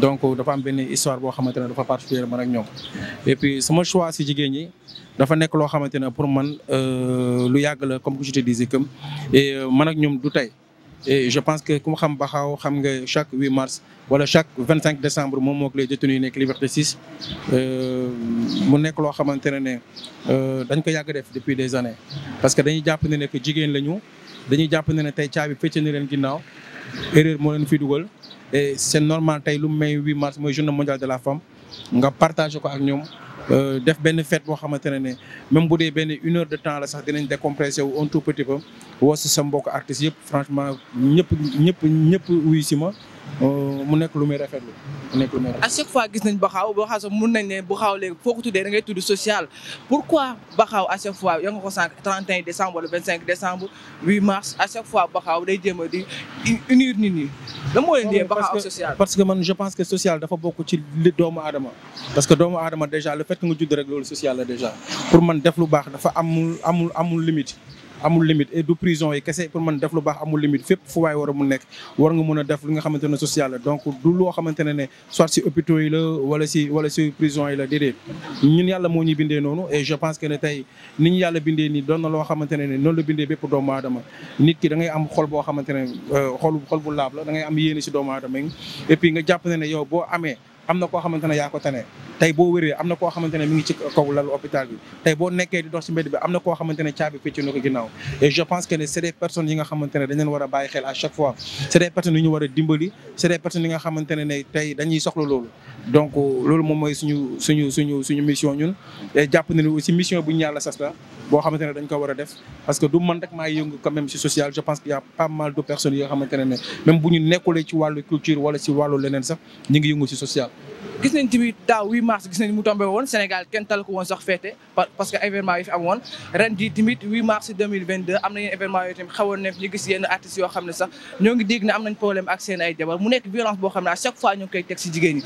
donc dafa am benn histoire boo xamante ne dafa particulier man ak ñoom et puis sama choix si jigéen ñi dafa nekk loo xamante ne pour man euh, lu yàgg la comme que je te disais que euh, man ak ñoom du tey et je pense que ku xam baxaw xam nga chaque 8 mars wala chaque 25 décembre moom moo ko lay détenu nekk Liberté 6 euh, mu nekk loo xamante ne ne dañ ko yàgg def depuis des années parce que dañuy jàpp ne ne que jigéen lañu dañuy jàpp ne ne tey caabi fecce na leen ginnaaw erreur moo leen fi dugal et c'est normal tay lu may 8 mars mooy journée mondiale de la femme nga partager ko ak euh def ben fête bo xamante né même boudé ben 1 une heure de temps la sax dinañ décompressé ou un tout petit peu wo ci sa mbokk artistes yépp franchement ñëpp ñëpp ñëpp wuyu ma mu nekk lu muy rafetlu mu nekk lu muy rafetlu. à chaque fois gis nañ Baxaaw Baxaaw sax mun nañ ne Baxaaw léegi foo ko tuddee da ngay tudd social pourquoi baxaw à chaque fois ya nga ko sànq 31 décembre wala 25 décembre 8 mars à chaque fois baxaw day jéem a di unir nit ñi. lan moo leen di baxaw social. parce que man je pense que social dafa bokk ci li doomu aadama parce que doomu aadama déjà le fait que nga judd rek loolu social la déjà pour man def lu baax dafa amul amul amul limite. amul limite et du prison yi kese pour mën def lu baax amul limite fépp fu waay war a mu nekk war nga mën a def li nga xamante ne social la donc du loo xamante ne ne soit si hôpitaux yi la wala si wala si prison yi la déedéet ñun yàlla moo ñu bindee noonu e je pense que ne tey ni ñu yàlla bindee nii doon na loo xamante ne noonu la bindee bépp doomu aadama nit ki da ngay am xol boo xamante ne euh, xol xol bu laab la da am yéene si doomu aadama yi et puis nga jàpp ne ne yow boo amee am na koo xamante ne yaa ko tane tey boo wéree am na ko xamante ne mi ngi ci kaw lalu hôpital bi tey boo nekkee di dox si mbedd bi am na koo xamante ne caabi fecc na ko ginnaaw et je pense que ne c'est des yi nga xamante a bàyyi a dimbali c'est des personnes ne ne tey dañuy soxla loolu donc loolu moom mooy suñu suñu suñu suñu mission ñun jàpp na ne aussi mission bu ñu la sas la boo xamante ne dañ ko war a def parce que du man rek maa yëngu quand même si social je pense qu'il y a pas mal de personnes yi nga xamante ne ne bu ñu nekkulee ci wàllu culture wala si wàllu leneen sax ñu ngi yëngu si social. gis nañ tamit daaw 8 mars gis nañ mu tombé Sénégal kenn tal woon sax féete parce que événement yi fi am woon ren jii tamit 8 mars 2022 am na yenn événement yooyu tamit xawoon na ñu gis yenn artistes yoo xam ne sax ñoo ngi dégg koy teg si jigéen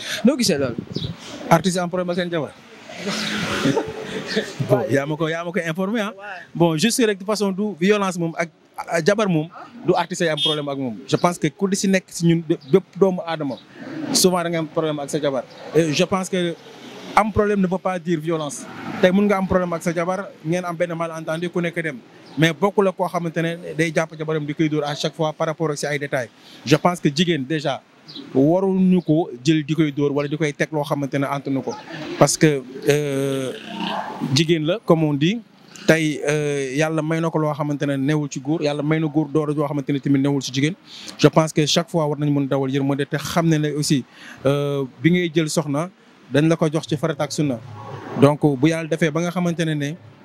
bon yaa ma ko yaa ma ko informé ah. bon juste rek de façon du violence moom ak ah, jabar moom du artiste am problème ak moom je pense que ku di si nekk si ñun bépp doomu aadama souvent da nga am problème ak sa jabar. et je pense que am problème ne veut pas dire violence tey mun nga am problème ak sa jabar ngeen am benn malentendu ku nekk dem. mais bokku la koo xamante ne day jàpp jabaram di koy dóor à chaque fois par rapport ak si ay détails je pense que jigéen déjà. waruñu ko jël di koy dóor wala di koy teg loo xamante ne ànd na ko parce que euh, jigéen la comme on dit tey euh, yàlla may na ko loo xamante ne newul ci góor yàlla may na góor doole joo xamante ne tamit newul ci jigéen je pense que chaque fois war nañ mën dawal yërmande te xam ne ne aussi euh, bi ngay jël soxna dañ la ko jox ci farata ak donc bu yàlla defee ba nga xamante ne ne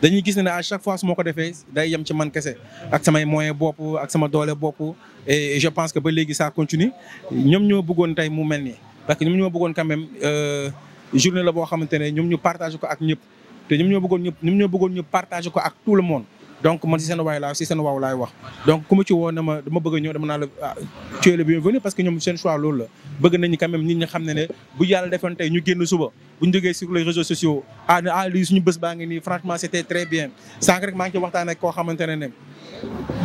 dañuy gis ne ne à chaque fois su ko defee day yem ci man kese ak samay moyen bopp ak sama doole bopp e je pense que ba léegi ça continue ñoom ñoo bëggoon tey mu mel ni parce que ñoom ñoo bëggoon quand même euh, journée la boo xamante ne ñoom ñu partagé ko ak ñëpp te ñoom ñoo bëggoon ñëpp ñoom ñoo bëggoon ñu partagé ko ak tout le monde donc man si seen waay laa si seen waaw laay wax donc ku ma ci woo ne ma dama bëgg a ñëw dama naa la ah, tu es le bienvenu parce que ñoom seen choix loolu la bëgg nañu quand même nit ñi xam ne ne bu yàlla defoon tey ñu génn suba bu ñu jógee sur les réseaux sociaux ah ah lii suñu bés baa ngi nii franchement c'était très bien sànq rek maa ngi ci waxtaan ak koo xamante ne ne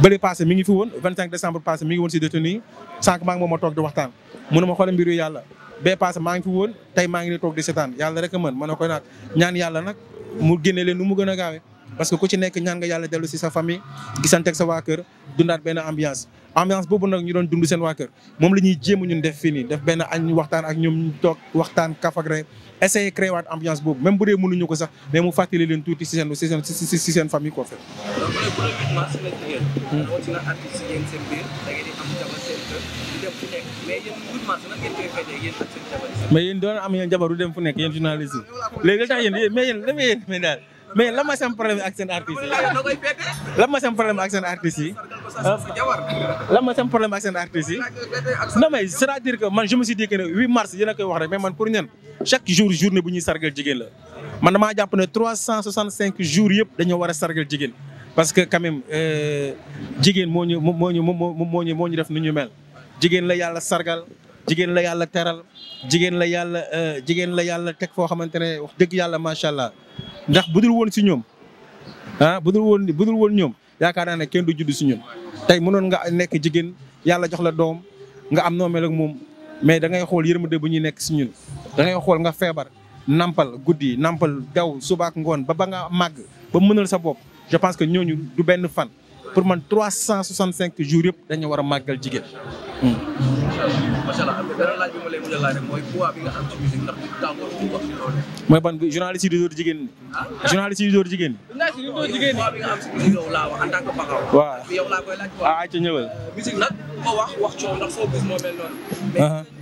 bële passé mi ngi fi woon 25 décembre passé mi ngi woon si détenu yi sànq maa ngi moom ma toog di waxtaan mu ne ma xoolal mbiru yàlla bee passé maa ngi fi woon tey maa ngi nii toog di seetaan yàlla rek a mën ma ne ko nag ñaan yàlla nag mu génne leen nu mu gën a gaawee parce que ku ci nekk ñaan nga yàlla dellu si sa famille gisanteeg sa waa kër dundaat benn ambiance ambiance boobu nag ñu doon dund seen waa kër moom la ñuy jéem ñun def fii ni def benn añ waxtaan ak ñoom ñu toog waxtaan kafagre essayer créer waat ambiance boobu même bu dee mënuñu ko sax mais mu fàttali leen tuuti si seen si seen si seen doon am yéen jabar du dem fu nekk yéen journaliste yi léegi daal. mais lan ma problème ak seen artistes yi lan ma sam problème ak seen artistes yi euh, lan ma sam problème ak seen yi non mais c'est-à-dire que man je me suis dit que ne 8 mars yéen koy wax rek mais man pour ñen chaque jour journée bu ñu sargal jigéen la man damaa jàpp ne 365 jours yëpp dañoo war a sargal jigéen parce que quand même euh, jigéen moo ñu moo ñu moo ñu moo ñu def nu ñu mel jigéen la yàlla sargal jigéen la yàlla teral jigéen la yàlla euh, jigéen la yàlla teg foo xamante ne wax dëgg yàlla macha allah ndax budul woon si ñoom ah budul woon budul woon ñoom yaakaar naa ne kenn du judd si ñoom tey mënoon nga nekk jigéen yàlla jox la doom nga am noomeel ak moom mais da ngay xool yërmande bu ñuy nekk si ñun da ngay xool nga feebar nampal guddi nampal daw subaak ngoon ba ba nga màgg ba mënal sa bopp je pense que ñooñu du benn fan pour man 365 jours yëpp dañu war a màggal jigéen. mooy ban journaliste yi di door jigéen journaliste yi di door jigéen. waaw ah ca ñëwal. musique nag ko wax wax coow ndax soo gis moo mel noonu.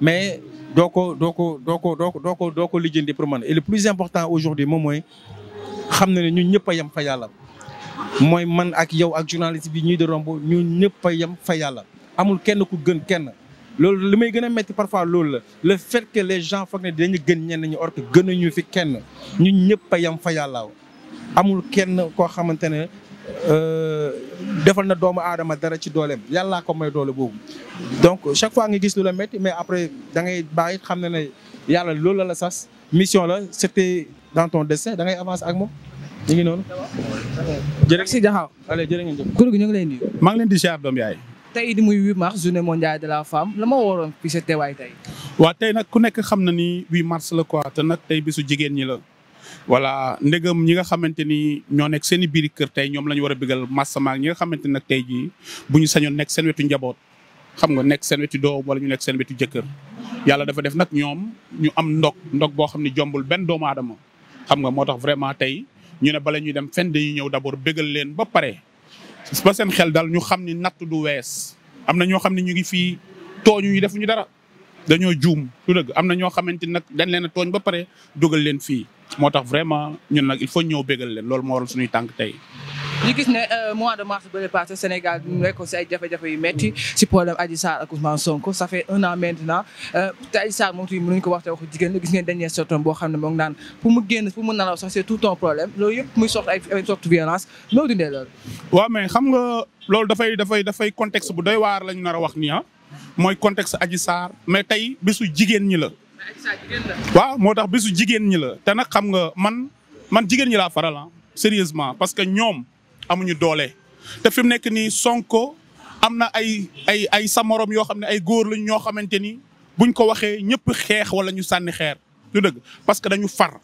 mais doko doko doko doko doko ko doo pour man et le plus important aujourd'hui moom mooy xam na ñun ñëpp yam fa yalla moy man ak yow ak journaliste bi ñuy de romb ñun ñëpp yam fa yalla amul kenn ku gën kenn lool li may gën metti parfois lool la le fait que les gens foog ne dañu gën ñenn ñi or que ñu fi kenn ñun ñëpp yam fa yalla amul kenn ko xamantene Euh, defal na doomu aadama dara ci dooleem yàllaa ko may doole boobu donc chaque fois nga gis lu la métti mais après da ngay bàyyi xam ne na yàlla loolu la la sas mission la c'était dans ton destin da ngay avancer ak moom ñu ngi noonu. jërëjëf si Diakhaw. allez jërë ngeen jëf. kuréel gi ñu ngi maa ngi leen di ziar doom yaay. tey di muy 8 mars journée mondiale de la femme la ma waroon fii sa teewaay tey. waa tey ku nekk xam na ni 8 mars la quoi te nag tey bisu jigéen ñi la. wala ndegam ñi nga xamanteni ño nek seen biir kër tay ñom lañu wara bëggal massama ñi nga xamanteni nak tay ji buñu sañon nek seen wetu njaboot xam nga nek seen wetu doom wala ñu nek seen wetu jëkkeer yalla dafa def nak ñom ñu am ndok ndok bo xamni jombul ben doom adam xam nga motax vraiment tay ñu ne bala ñu dem fen dañu ñew d'abord bëggal leen ba paré ba seen xel dal ñu xamni nat du wess amna ño xamni ñu ngi fi toñu ñu def ñu dara dañoo juum su dëgg am na ñoo xamante nag dañ leen a tooñ ba pare dugal leen fii moo tax vraiment ñun nag il faut ñëw bégal leen loolu moo waral tànk tey. gis ne euh, mois de mars bële passé Sénégal nekkoon si ay jafe-jafe yu metti si problème Adji Sarr ak maintenant euh, te Adji moom tamit mënuñu ko wax te waxu jigéen la gis ngeen dernier soto boo xam ne moom naan pour mu génn pour mu nalaw sax c'est tout un problème loolu yëpp muy sorte violence loolu dundee loolu. waaw mais xam nga loolu dafay dafay dafay contexte bu doy waar la ñu a wax nii a ah. mooy contexte Adji Sarr mais tey bisu jigéen ñi la. waaw moo tax bisu jigéen ñi la te nag xam nga man man jigéen ñi laa faral ah sérieusement parce que ñoom amuñu doole te fi mu nekk nii Sonko am na ay ay ay sa yoo xam ne ay góor lañ ñoo xamante ni buñ ko waxee ñëpp xeex wala ñu sànni xeer du dëgg parce que dañu far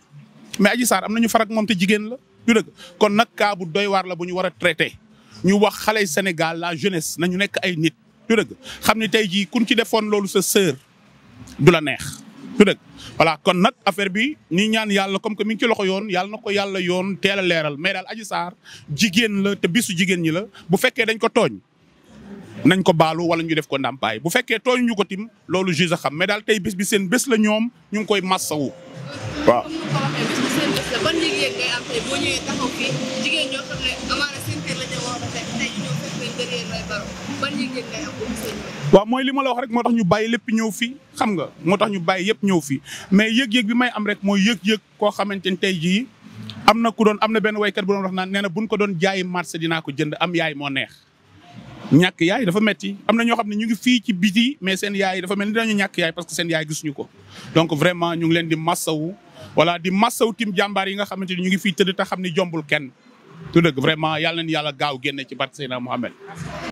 mais Adji Sarr am na ñu far ak moom te jigéen la du dëgg kon nag kaa bu doy waar la bu ñu war a traité ñu wax xale Sénégal la jeunesse ñu nekk ay nit. du dëgg xam ni tey jii kuñ ci defoon loolu sa sœur du la neex du dëgg voilà kon nag affaire bi ñi ñaan yàlla comme que mi ngi ci loxo yoon yàlla na ko yàlla yoon teel a leeral mais daal Adji Sarr jigéen la te bisu jigéen ñi la bu fekkee dañ ko tooñ nañ ko baalu wala ñu def ko ndàmpaay bu fekkee tooñ ñu ko tim loolu juge a xam me daal tey bés bi seen bés la ñoom ñu ngi koy massawu waaw seen a mooy li ma la wax rek moo tax ñu bàyyi lépp ñëw fii xam nga moo tax ñu bàyyi yëpp ñëw fii mais yëg-yëg bi may am rek mooy yëg-yëg koo xamante ni tey jii am na ku doon am na benn waykat bu doon wax naan nee na ko doon jaayi marché dinaa ko jënd am yaay moo neex ñàkk yaay dafa metti am na ñoo xam ne ñu ngi fii ci biti mais seen yaay dafa mel ni dañu ñàkk yaay parce que seen yaay gisuñu ko donc vraiment ñu ngi leen di massawu wala di massawtim jambar yi nga xamanteni ñu ngi fi teud ta xamni jombul kenn tout deug vraiment yalla ni yalla gaaw genn ci Barcelona Mohamed